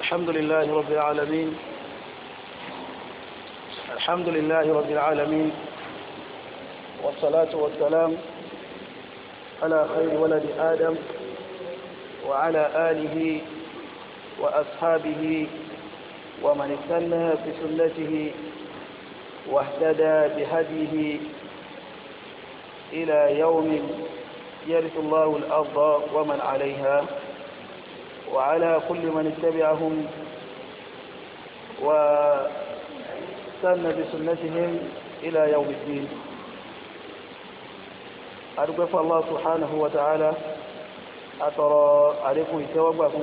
الحمد لله رب العالمين الحمد لله رب العالمين والصلاة والسلام على خير ولد آدم وعلى آله وأصحابه ومن استنى بسنته واهتدى بهديه إلى يوم يرث الله الأرض ومن عليها وعلى كل من اتبعهم واستنى بسنتهم إلى يوم الدين أرغف الله سبحانه وتعالى أترى عليكم إتوابكم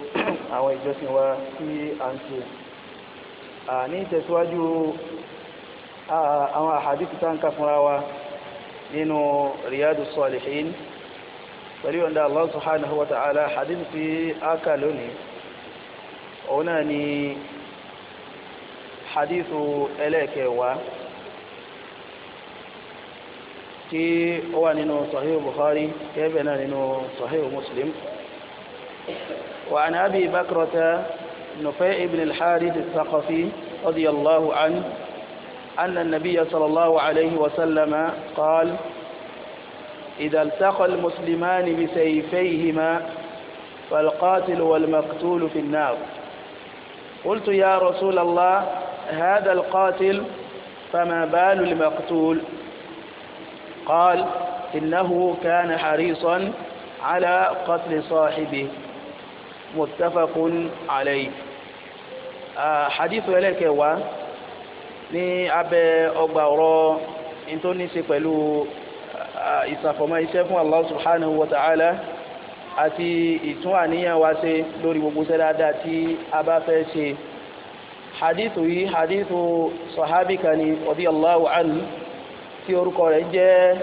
أو إجاسي في أنسي أني آه، تتواجه آه، أو أحاديث تنكفراوة من رياض الصالحين pẹ̀lú ọ̀dà Allah subhanahu wa ta'ala hadith tí a kà lónìí òun náà ni hadith ẹlẹ́ẹ̀kẹwàá tí ó wà nínú sahih bukhari kẹ́bẹ̀ náà nínú sahih muslim wa an abi bakrata nufai ibn al-harith al-thaqafi radiyallahu anhu anna an-nabiyya sallallahu alayhi wa sallama qala إذا التقى المسلمان بسيفيهما فالقاتل والمقتول في النار قلت يا رسول الله هذا القاتل فما بال المقتول قال إنه كان حريصا على قتل صاحبه متفق عليه آه، حديث هو ní abẹ́ ọgbà ọ̀rọ̀ ان tó ní ṣe pẹ̀lú ìsàfọ̀mọ́ iṣẹ́ fún Allah subhanahu wa ta'ala àti ìtún àníyàn wa ṣe lórí gbogbo iṣẹ́ dáadáa tí a bá fẹ́ ṣe hadithu yìí hadithu sahabi kan ni radiyallahu anhu tí orúkọ rẹ̀ jẹ́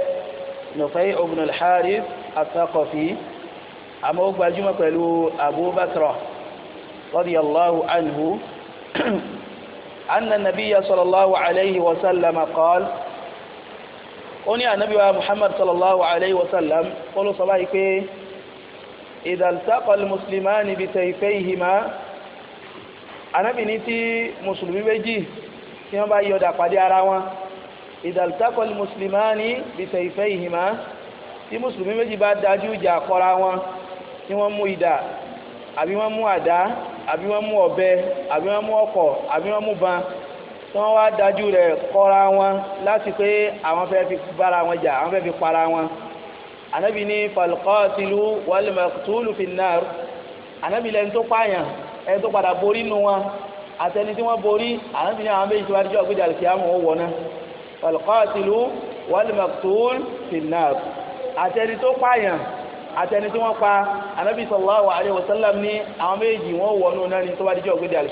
Nufay' ibn al-Harith ath-Thaqafi àmọ́ ó gbajúmọ̀ pẹ̀lú Abu Bakra radiyallahu anhu anna nabiyya sallallahu alayhi wa sallam qala ó ní ànábíwá muhammad sallallahu alayhi wa sallam ó ló sọ báyìí pé ìdàltápàl muslimani bi tayfayhima ànábì ní tí mùsùlùmí méjì tí wọ́n bá yọ̀dà pàdé ara wọn ìdàltápàl muslimani bi tayfayhima tí mùsùlùmí méjì bá dájú ìjà kọra wọn tí wọ́n mú ìdà àbí wọ́n mú àdá àbí wọ́n mú ọ̀bẹ àbí wọ́n mú ọkọ̀ àbí wọ́n mú ban wọ́n wá dájú rẹ̀ kọ́ra wọn láti pé àwọn fẹ́ fi bára wọn jà àwọn fẹ́ fi para wọn anabi ní falqatilu wal maqtulu finnar anabi lẹ́ni tó pààyàn ẹni tó padà borí nu wọn àtẹni tí wọ́n borí anabi ní àwọn méjì tó bá dijọ́ gbéjà lè fi àwọn owó wọ̀nà falqatilu wal maqtul finnar àtẹni tó pààyàn àtẹni tí wọ́n pa anabi sallallahu alayhi wa sallam ní àwọn méjì wọ́n wọ̀nù náà ní tó bá dijọ́ gbéjà lè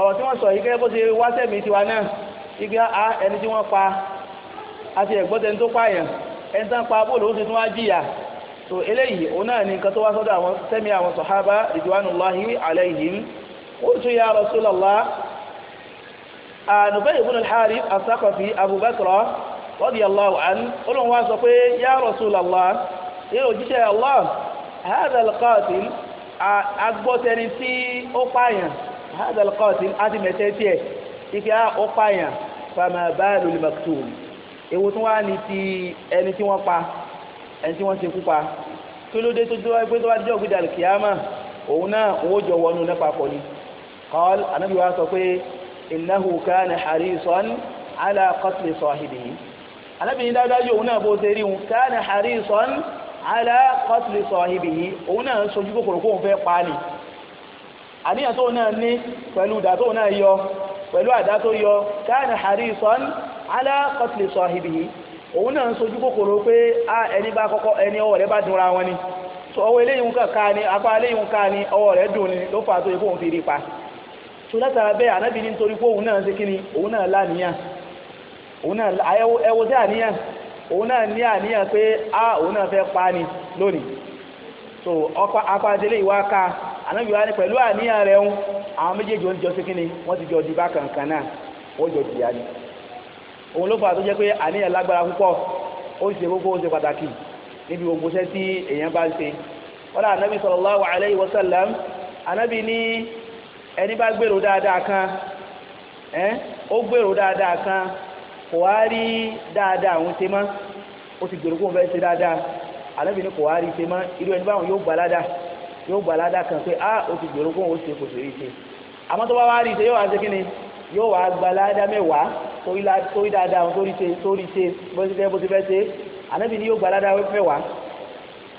ọ̀rọ̀ tí wọ́n sọ yìí gẹ́gẹ́ bó ti wá sẹ́mi tiwa náà igi a ẹni tí wọ́n pa àti ẹ̀gbọ́tẹni tó pààyàn ẹni tán pa bóòlù oṣù tí wọ́n á jìyà so eléyìí òun náà ni nǹkan tó wá sọ́dọ̀ àwọn sẹ́mi àwọn sọ̀hábà ridwanullahi alaihim qultu ya rasulallah ànùbẹ́ ibn al-Harith as-Saqafi Abu Bakr radiyallahu an olóhùn wá sọ pé ya rasulallah yóò jíṣẹ́ allah hadha tí ó pààyàn هذا القاتل أتي متاتيه إذا أقايا فما بال المقتول èwo tún wá ní ti ẹni tí wọ́n pa ẹni tí wọ́n ṣekú pa kí ló dé tó tó wáyé pé tó wá jẹ́ ògbé dàlù kìámà òun náà òun ó jọ wọnú nípa pọ̀ ni qal anábì wa sọ pé innahu kana harisan ala qatli sahibihi anábì ní dájúdájú òun náà bó ṣe rí òun kana harisan ala qatli sahibihi òun náà sojú kòkòrò kóun fẹ́ pa ni àníyàn tó náà ní pẹ̀lú ìdá tó náà yọ pẹ̀lú àdá tó yọ káàní harisan ala qatli sahibihi òun náà ń sojú kòkòrò pé a ẹni bá kọ́kọ́ ẹni ọwọ́ rẹ̀ bá dunra wọn ni so ọwọ́ eléyìí nǹkan ká ni apá eléyìí nǹkan ni ọwọ́ rẹ̀ dùn ni ló fà á tó yẹ kóun fi rí pa so látara bẹ́ẹ̀ ànábì ní nítorí pé òun so apá délé ìwá ká ànábì wa ni pẹ̀lú àníyàn rẹ̀ ń àwọn méjèèjì oúnjẹ sí kínni wọ́n ti jọ di bá kankan náà wọ́n jọ jìyà ni òun ló fà tó jẹ́ pé àníyàn lágbára púpọ̀ ó ṣe kókó ó ṣe pàtàkì níbi gbogbo iṣẹ́ tí èèyàn bá ń ṣe wọ́n ànábì sallallahu alayhi wa sallam ànábì ní ẹni bá gbèrò dáadáa kan ẹ́ ó gbèrò dáadáa kan kò wá rí dáadáa òun ṣe mọ́ ó ti gbèrò kó òun fẹ́ ṣe dáadáa ànábì ní kò wá rí ṣe mọ́ irú ẹni báwọn yóò gbà ládàá yóò gbà ládà kan pé a ah, ó ti gbèrò kóhùn ó ṣe kò sí rí ṣe àmọ́ tó bá wá rí ṣe yóò wá ṣe kí ni yóò wá gba ládà mẹ́wàá torí dáadáa ohun tó rí ṣe tó rí ṣe bó ti fẹ́ bó ti fẹ́ ṣe ànábì ni yóò gba ládà mẹ́wàá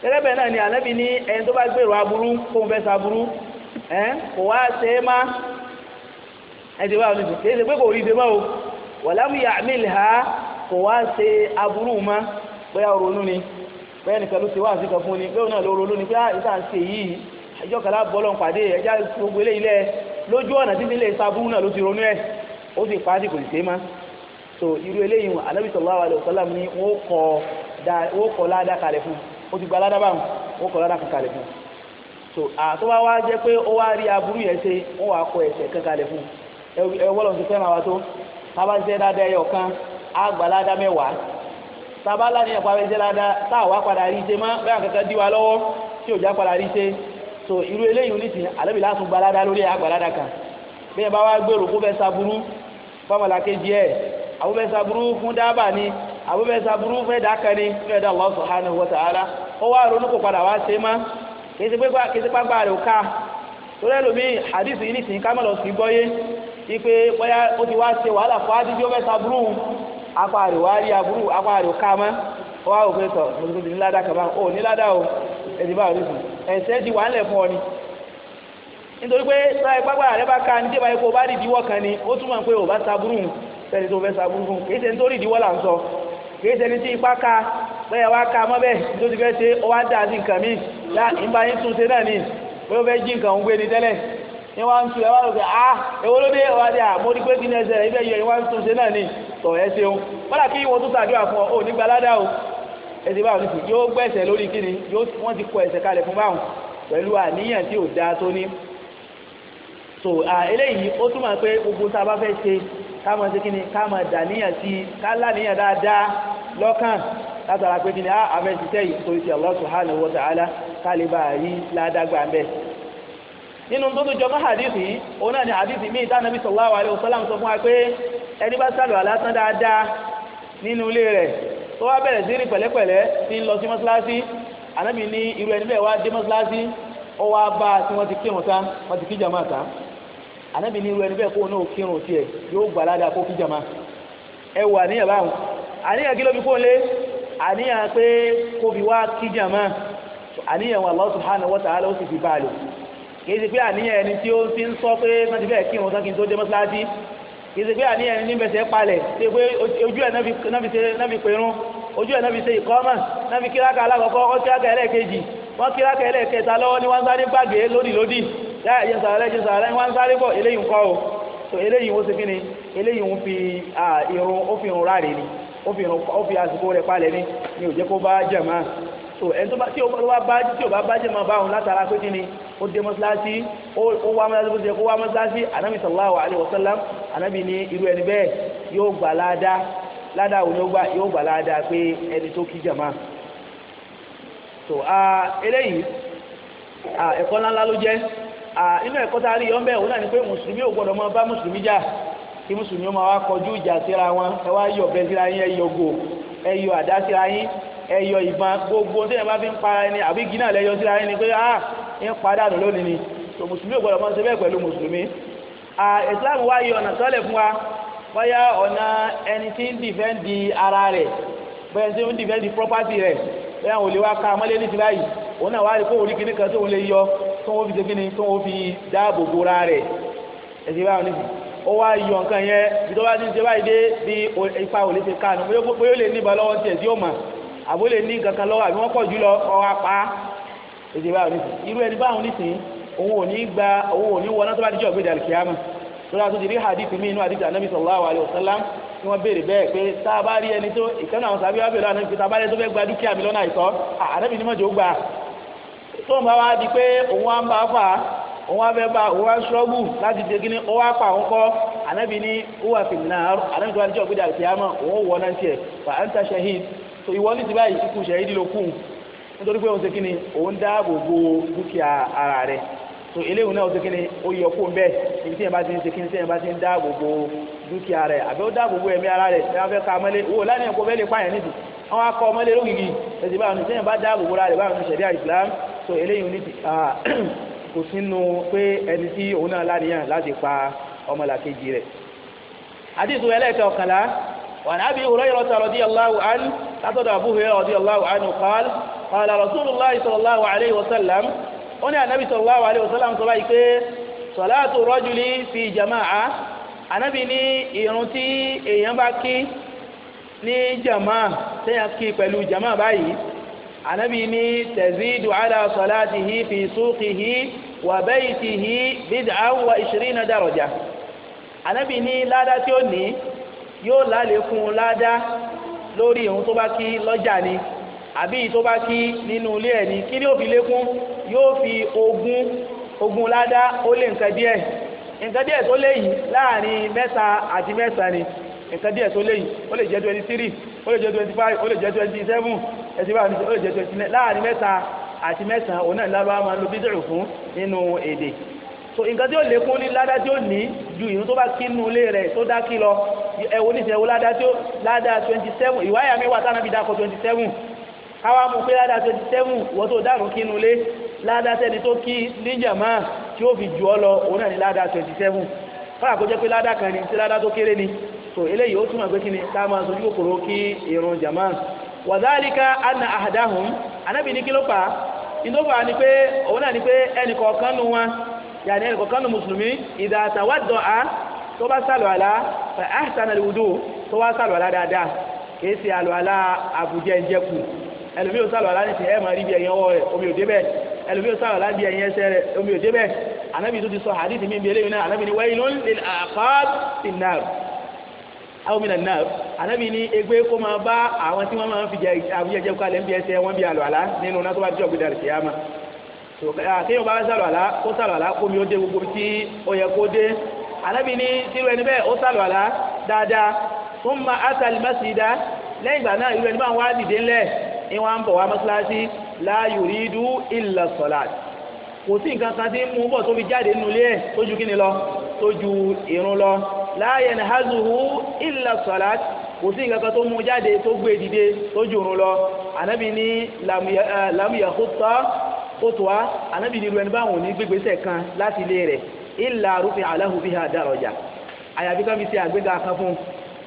tẹ́lẹ̀bẹ̀ náà ni ànábì ní ẹni tó bá gbèrò aburú kóhùn fẹ́ saburú ẹ̀ kò wá ṣe é má ẹ̀dẹ̀ wà lóṣù kí ẹ ṣe pé kò rí ṣe mọ́ o wàlámù yàmìlì ha kò wá ṣe aburú mọ́ bóyá ronú ni bẹ́ẹ̀ pẹ̀lú ti wá àti kan fún ni bẹ́ẹ̀ náà ló ronú ni pé ah, ìta ń ṣe yìí ẹjọ́ kan láàbọ̀ lọ́n pàdé ẹjá gbogbo ilé ilẹ̀ lójú ọ̀nà tí náà ló ti ronú ẹ̀ ó sì pa á sì má so irú eléyìí wọn anábì wà alaihi wasallam ni wọ́n kọ́ kalẹ̀ fún ti so wa tàbá láti ẹ̀pọ̀ abẹ́sẹ̀ da tá àwa padà rí ṣe mọ́ bẹ́ẹ̀ kankan dí wa lọ́wọ́ tí o já padà rí ṣe so irú eléyìí ní sìn àlẹ́bí láti gba ládàá lórí àgbàládà kan bí ẹ bá wá gbèrò kó fẹ́ saburú fọmọlá kejì ẹ àbúfẹ́ saburú fún dábà ni àbúfẹ́ saburú fẹ́ dáka ni fẹ́ dá Allah subhanahu wa ta'ala ó wá ronú kó padà wá ṣe mọ́ kìsì pàgbà rẹ̀ ká torí ẹlòmíì hadith yìí ní sìn ká mọ̀ lọ sí gbọ́yé ipe bóyá ó ti wá ṣe wàhálà fún adíjú ó fẹ́ saburú apá rẹ̀ wá rí aburú apá rẹ̀ ká mọ́ ó wá òfin tọ̀ mùsùlùmí ti ní ládàá kaba ó ní ládàá o ẹ̀dì bá rí fún ẹ̀sẹ̀ di wàhálẹ̀ fún ọ ni nítorí pé sọ́yà pápá rẹ̀ bá ka ní débà epo bá rí ìdíwọ́ kan ni ó túmọ̀ pé ò bá saburú sẹ́ni tó fẹ́ saburú fún kì ṣe nítorí ìdíwọ́ là ń sọ kì ṣe ní tí ipá ka bẹ́ẹ̀ wá ka mọ́ bẹ́ẹ̀ tó fẹ́ ṣe ó ń dà sí nǹkan míì ni pé ó ni tẹ́lẹ̀ ni wọ́n ń tu ẹ̀ wá lóde ah èwo ló dé wá dé à ah, mo rí pé kí ni ẹsẹ̀ ibẹ̀ yẹ ni wọ́n ń tún ṣe náà ni sọ ẹ́ ṣeun kọ́dà kí wọ́n tún ṣàdúrà fún ọ ò ní gbalada o ẹsẹ̀ báwọn ní sùn yóò gbẹ̀sẹ̀ lórí kíni wọ́n ti kọ ẹ̀sẹ̀ kalẹ̀ fún báwọn pẹ̀lú àníyàn tí ò dáa tó ní. so eléyìí ó pé gbogbo tá a bá fẹ́ ṣe ká máa kíni ká dàníyàn sí i ká dáadáa lọ́kàn látara pé kíni àfẹ́ yìí torí ti bá a rí ládàgbà ń bẹ̀. nínú tó tún òun náà ni míì ẹni bá sàlù àlásán dáadáa nínú ilé rẹ̀ tó wá bẹ̀rẹ̀ sí rí pẹ̀lẹ́pẹ̀lẹ́ ní lọ sí mọ́ṣáláṣí ànábì ní irú ẹni bẹ́ẹ̀ wá dé mọ́ṣáláṣí ó wá bá a tí wọ́n ti kírun tán wọ́n ti kí jàmá tán ànábì ní irú ẹni bẹ́ẹ̀ o náà kírun tiẹ̀ yóò gbà ládàá kó kí jàmá ẹ wà níyàn báwọn àníyàn kí ló fi kóun lé àníyàn pé kó fi wá kí jàmá àníyàn wọn Allah subhanahu wa ta'ala ó sì fi bá a lò kì í ṣe pé àníyàn ẹni tí ó ti ń sọ pé wọ́n ti fẹ́ kírun tán kí n tó dé mọ́ṣáláṣí ìsègbè àníyàn ní bẹ̀sẹ̀ palẹ̀ ṣe pé ojú ẹ̀ náà fi pẹ̀rún ojú ẹ̀ náà fi ṣe ìkọ́mọ̀ náà fi kíráka alákọ̀ọ́kọ́ ó kíráka ẹlẹ́ẹ̀kejì wọ́n kíráka ẹlẹ́ẹ̀kẹta lọ́wọ́ ní wọ́n ń sáré gbàgbé lódì lódì yáà yẹn sàrẹ́ yẹn sàrẹ́ wọ́n ń sáré so eléyìí wọ́n ṣe kí ni eléyìí ń fi irun ó fi irun ráre ni ni ni ò jẹ́ so ẹni tó bá tí ò bá bá jàmá ó dé mọ́sálásí ó wá mọ́sálásí bó ṣe kó wá mọ́sálásí anabi sallallahu alayhi wa sallam anabi ní irú ẹni bẹ́ẹ̀ yóò gbà láadáa ládàá òun yóò gbà yóò gbà láadáa pé ẹni tó kí jàmá so eléyìí ẹ̀kọ́ ńláńlá ló jẹ́ inú ẹ̀kọ́ tá a rí yọ́nbẹ́ òun náà ni pé mùsùlùmí ò gbọ́dọ̀ máa bá mùsùlùmí jà kí mùsùlùmí ó máa wá kọjú ìjà síra wọn ẹ wá yọ ọ̀bẹ síra yín ẹ yọ ògò ẹ yọ àdá síra yín ẹ yọ ìbọn gbogbo tí ẹ bá fi ń para ẹni àbí igi lẹ yọ síra yín ni pé ah ń padànù lónìí ni tó mùsùlùmí ò gbọ́dọ̀ mọ́ ṣe bẹ́ẹ̀ pẹ̀lú mùsùlùmí islam wá yí ọ̀nà sọ́lẹ̀ fún wa bóyá ọ̀nà ẹni tí ń dìfẹ́ǹdì ara rẹ̀ bóyá tí ń dìfẹ́ǹdì property rẹ̀ bóyá òun lè wá ka amọ́lé ní ti báyìí òun náà wá rí kóhùn rí kíní kan tó ń lè yọ tó ń fi ṣe kíní tó ń fi dáàbò bo ra rẹ̀ ẹ̀sìn báwọn níbi ó wá yọ nǹkan yẹn bí tó bá ti ń ṣe báyìí dé bí ipa ò èdè báwọn nísìn irú ẹni báwọn nísìn òun ò ní gba òun ò ní wọná tó bá dijọ́ gbé dàlùkì àmà tó dáa tó ti rí hadith mi inú hadith anabi sallallahu alayhi wa sallam tí wọ́n béèrè bẹ́ẹ̀ pé tá a bá rí ẹni tó ìkànnì àwọn sábẹ́ wá bèrè anabi pé tá a bá rí ẹni tó fẹ́ gba dúkìá mi lọ́nà àìtọ́ anabi ni mọ̀jọ́ gbà tó ń bá wa di pé òun wá ń bá fà òun wá fẹ́ bá òun wá ń láti ṣe kí ó wá pa òun kọ́ anabi ni ó wà fi nà anabi tó bá dijọ́ gbé dàlùkì àmà òun ò wọ náà tiẹ̀ wà á ń ta ṣahid nítorí pé òun ṣe kíni òun dáàbò bo dúkìá ara rẹ̀ so eléyìí náà ó ṣe kíni ó yọ kó bẹ́ẹ̀ ibi tí yẹn bá ti ń ṣe kíni tí yẹn bá ti ń dáàbò bo dúkìá rẹ̀ àbí ó dáàbò bo ẹ̀mí ara rẹ̀ tí wọ́n fẹ́ ka mọ́lé wò lánàá kó bẹ́ẹ̀ lè pààyàn níbi àwọn akọ mọ́lé lógìgì ẹ̀sìn báwọn tí yẹn bá dáàbò bo ara rẹ̀ báwọn ṣẹ̀ríà Islam so eléyìí ní kò sínú pé ẹni tí òun náà láníyàn láti pa ọmọlàkejì rẹ̀ àdìsù ẹlẹ́ẹ̀kẹ́ ọ̀kànlá wà ní Abi Hurairah radiyallahu anhu látọ̀dọ̀ Abu Hurairah qala rasulullahi sallallahu alayhi wa sallam ó ní ànábì sallallahu alayhi wa sallam sọ báyìí pé salatu rajuli fi jama'a ànábì ní ìrun tí èèyàn bá kí ní jama'a tẹ́yà kí pẹ̀lú jama'a báyìí ànábì ní tazidu ala salatihi fi suqihi wa baytihi bid'an wa ishrina daraja ànábì ní ládá tí ó ní yóò lálé fún un ládá lórí ìrun tó bá kí lọ́jà ni àbí tó bá kí nínú ilé ẹ̀ ní kí ni ó fi lékún yóò fi ogún ogún ládá ó lé nǹkan díẹ̀ nǹkan díẹ̀ tó lé yìí láàrin mẹ́ta àti mẹ́ta ni nǹkan díẹ̀ tó lé yìí ó lè jẹ́ twenty three ó lè jẹ́ twenty five ó lè jẹ́ twenty seven ẹ̀sìn bá mi ó lè jẹ́ twenty nine láàrin mẹ́ta àti mẹ́sàn-án òun náà lábá máa lo bídìrì fún nínú èdè so nǹkan tí ó lékún ní ládá tí ó ní ju ìrun tó bá kí nínú ilé rẹ̀ tó dá kí lọ ẹ̀wọ̀n oníṣẹ́ ẹ̀wọ̀n ládá tí ó ládá twenty ìwáyà mi wà tánà dákọ̀ twenty káwá mú pé ládàá twenty seven wọ́n tó dànù kínú lé ládàá tẹni tó kí níjàmá tí ó fi jù ọ lọ òun náà ní ládàá twenty seven fọ́nà kó jẹ́ pé ládàá kan ní tí ládàá tó kéré ni so eléyìí ó túmọ̀ pé kí ni ká máa sojú kòkòrò kí irun jàmá wàdálíkà anna àdáhùn anábì ní kí ló ni pé òun náà ni pé ẹnìkọ̀ọ̀kan nu wọn yàní ẹnìkọ̀ọ̀kan nu mùsùlùmí ìdá àtàwádọ́ a tó bá sàlọ̀ àlá fẹ̀ áhìtàn àlùwùdó tó wá sàlọ̀ àlá dáadáa kì í ṣe àlá àbújẹ́ ń ẹlòmí ò sálọ̀ láti ṣe ẹ̀ máa rí bí ẹ̀yìn ọwọ́ rẹ̀ omi ò débẹ̀ ẹlòmí o sálọ̀ láti ẹ̀yìn ẹsẹ̀ rẹ̀ omi ò débẹ̀ anábì tó ti sọ àdìsí mi bẹ̀rẹ̀ náà anábì ni wailun lil aqab fin nar aw minan nar anábì ni egbé kó máa bá àwọn tí wọ́n máa ń fi àbújẹjẹ kalẹ̀ ń bí ẹsẹ̀ wọ́n bí alọ̀ àlá nínú náà tó bá jọ̀ gbẹdàrí kìyàmá kéèyàn bá sálọ̀ àlá kó sálọ̀ àlá kó mi ó dé gbogbo tí ó yẹ kó dé anábì ni tírú ẹni bẹ́ẹ̀ ó sálọ̀ àlá dáadáa thumma atal masjida lẹ́yìn ìgbà náà irú ẹni bá ń dìde ńlẹ̀ ní wọ́n á ń bọ̀ wá mọ́sálásí la yuridu illa salat kò sí nǹkan kan tí ń mú bọ̀ tó fi jáde nínú ilé ẹ̀ tó ju kíni lọ tó ju ìrun lọ la yanhazuhu illa salat kò sí nǹkan kan tó mú jáde tó gbé e dìde tó ju lọ ànábì ní lam yakhutta khutwa ànábì ní irú báwọn ní gbégbèsè kan láti ilé rẹ̀ illa rufi'a lahu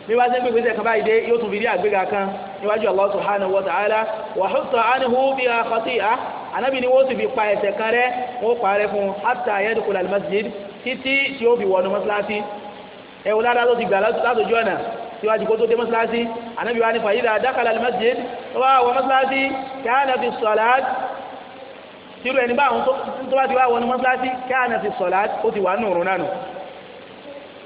bí wá sẹ́ gbégbé sẹ́kàn báyìí dé yóò tún fi rí àgbéga kan níwájú Allah subhanahu wa ta'ala wa hutta anhu biha khati'a anábì ni wọ́n sì fi pa ẹ̀ṣẹ̀ kan rẹ́ wọ́n pa rẹ́ fún hatta yadkhula al-masjid títí tí ó fi wọnú mọ́sálásí ẹ̀wọ̀n lára tó ti gbà látòjú ọ̀nà síwájú kó tó dé mọ́sálásí anábì wa ní fàyídà dakhala al-masjid tó mọ́sálásí kana fi salat fi salat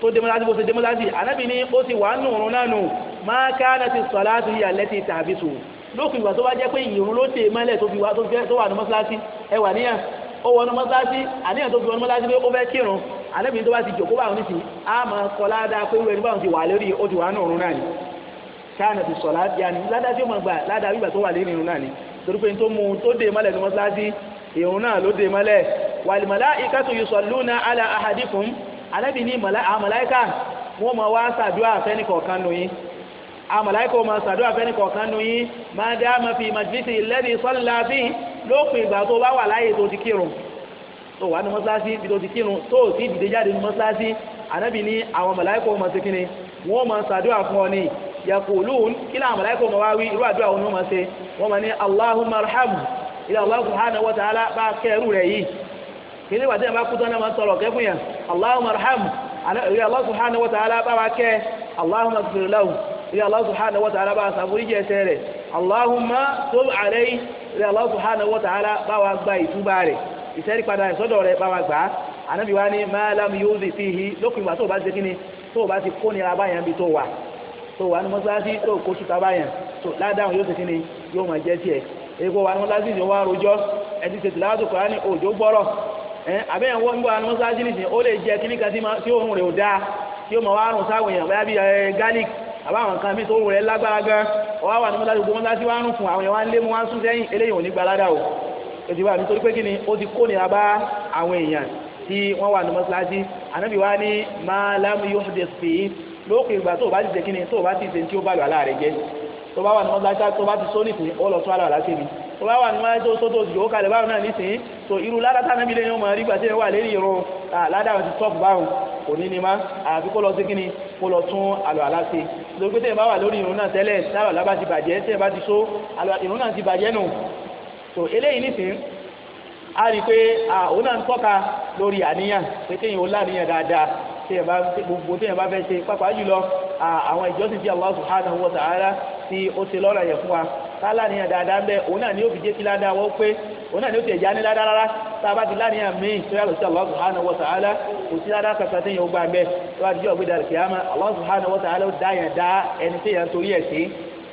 tó demolasi bó ṣe demolasi anabi ni ó ti wà nù òrùn náà nù máa ká náà ti sọ̀lá sí ìyàlẹ́ ti tàbí sùn lókùn ìgbà tó bá jẹ́ pé ìrún ló tè mọ́lẹ̀ tó wà nù mọ́sálásí ẹ wà níyàn ó wọnú mọ́sálásí àníyàn tó fi wọnú mọ́sálásí pé ó fẹ́ kírun anabi tó bá ti jòkó báwọn ní sí á máa kọ́ ládàá pé wẹ́n báwọn ti wà lórí ó ti wà nù náà ni ká náà ti sọ̀lá yanni ládàá tí ó gbà ládàá wíwà tó wà lórí ìrún náà ni torí pé tó mú tó dè mọ́lẹ̀ ní mọ́sálásí ìrún náà ló dè mọ́lẹ̀ wal malaikatu yusalluna ala ahadikum anábì ní àwọn màláíkà wọ́n máa wá ṣàdúrà fẹ́ni kọ̀ọ̀kan nù yín àwọn màláíkà wọ́n máa ṣàdúrà fẹ́ni kọ̀ọ̀kan nù yín máa dá máa fi màjìlísì lẹ́ni sọ́lá fi lópin ìgbà tó bá wà láàyè tó ti kírun tó wà ní mọ́ṣáláṣí ibi tó ti kírun tó ò sí ìdìde jáde ní mọ́ṣáláṣí anábì ní àwọn màláíkà wọ́n máa ṣe kíni wọ́n máa ṣàdúrà fún ọ ní yakulun kila amalaiko ma wawi irú àdúrà wọn ma ṣe wọn ma ní allahumma arhamu ila allah subhanahu wa ta'ala ba kẹrù rẹ̀ yìí kìíní wà tí yẹn bá kú tán náà máa ń tọrọ kẹ́fún yẹn Allahumma arhamu ìyá Allah subhanahu wa ta'ala bá wa kẹ́ Allahumma ighfir lahu ìyá Allah subhanahu wa ta'ala bá wa ṣàforíjì ẹ̀ṣẹ̀ rẹ̀ Allahumma tub alayhi ìyá Allah subhanahu wa ta'ala bá wa gba ìtúbà rẹ̀ ìṣẹ́rí padà ìsọ́dọ̀ rẹ̀ bá wa gbà á ànábì wa ní ma lam yuzi fihi lókùn ìgbà tó o bá ti ṣe kí ni tó o bá ti kó nira báyẹn ní òjò gbọ́rọ̀ àbẹ́ ẹ̀ ń wọ́n gbọ́ àwọn mọ́sáájì nìsín ó lè jẹ kíníkan tí òórùn rẹ̀ ò dáa tí ó mọ̀ wá rùn sáwọn èèyàn báyà bí garlic àbáwọn nǹkan mi tó rùn rẹ̀ lágbára gan ọwọ́ àwọn mọ́sáájì gbogbo mọ́sáájì wá rùn fún àwọn èèyàn wá ń lé mu wá ń sún sẹ́yìn eléyìí ò ní o ètò ìwà mi torí pé kí ni ó ti kó nira bá àwọn èèyàn tí wọ́n wà ní mọ́sáájì ànábì wá ní máa lámú yóò ṣe sí i lókè ìgbà o bá ti ṣe o bá ti ṣe tí ó bá lọ tó bá wà ní wáyé tó tó yòó kalẹ̀ báwọn náà nísìnyí tó irú ládàtà náà bílẹ̀ ni wọ́n máa rí gbàtí wà lérí irun ládàwọn ti tọ́pù báwọn kò ní ní má àfi kó lọ sí kíni kó lọ tún àlọ́ àlá ṣe lórí pé tẹ̀yìn bá wà lórí irun náà tẹ́lẹ̀ táwọn àlá bá ti bàjẹ́ tẹ̀yìn bá ti so irun náà ti bàjẹ́ nù tó eléyìí nísìnyí a rí i pé òun náà ń tọ́ka lórí àníyàn pé kéèyàn ó láníyàn dáadáa téèyàn bá gbogbo téèyàn bá fẹ́ ṣe pàápàá jùlọ àwọn ìjọsìn tí Allah subhanahu wa ta'ala tí ó ṣe lọ́rọ̀ yẹn fún wa kálá níyàn dáadáa ń bẹ òun náà ni ó fi jẹ́ kí ládàá wọ́n pé òun náà ni ó ti ẹ̀já ní ládàá rárá tá a bá ti láníyàn míì tó yàtọ̀ sí Allah subhanahu wa ta'ala kò sí ládàá kankan tí yẹn ó gbà ń bẹ tó bá ti jẹ́ ọ̀gbẹ́dà kìámà Allah subhanahu wa ta'ala ó dá yẹn dá ẹni tí yẹn torí ẹ̀ sí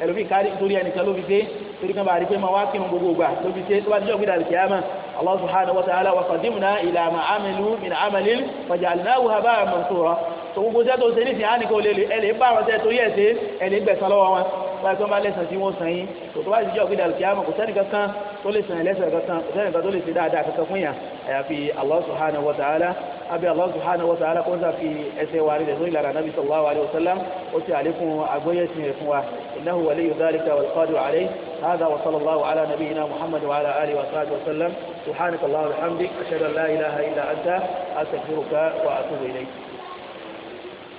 ẹlòmíì kárí torí ẹnìkan ló fi dé torí kan bá rí pé máa wá kírun gbogbo gbà ló fi dé tó bá ti jẹ́ ọ̀gbẹ́dà kìámà Allah subhanahu wa ta'ala wa qadimna ila ma amilu min amalin fajalnahu haba'an mansura tó gbogbo sẹ́tò ṣe nísìnyí á ní kó lè ẹ̀lẹ́ bá àwọn sẹ́tò yẹ̀ ṣe ẹ̀lẹ́ gbẹ̀sán lọ́wọ́ wọn wọ́n ti wọ́n bá lẹ́sàn tí wọ́n sàn yín kò tó bá ti jẹ́ òkúta alkiyama kò sẹ́nì kankan tó lè sàn lẹ́sàn kankan kò sẹ́nì kankan tó lè ṣe dáadáa kankan fún yà àyàfi Allah subhanahu wa ta'ala abi Allah subhanahu wa ta'ala kó sà fi ẹsẹ̀ wa rí lẹ́sọ́ ìlànà nabi sallallahu alayhi wa sallam ó ti àlékún agbóyè ti rẹ̀ fún wa innahu waliyu dhalika هذا وصلى الله على نبينا محمد وعلى اله وصحبه وسلم سبحانك اللهم وبحمدك اشهد ان لا اله الا انت استغفرك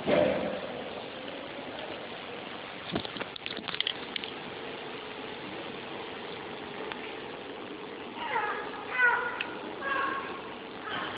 واتوب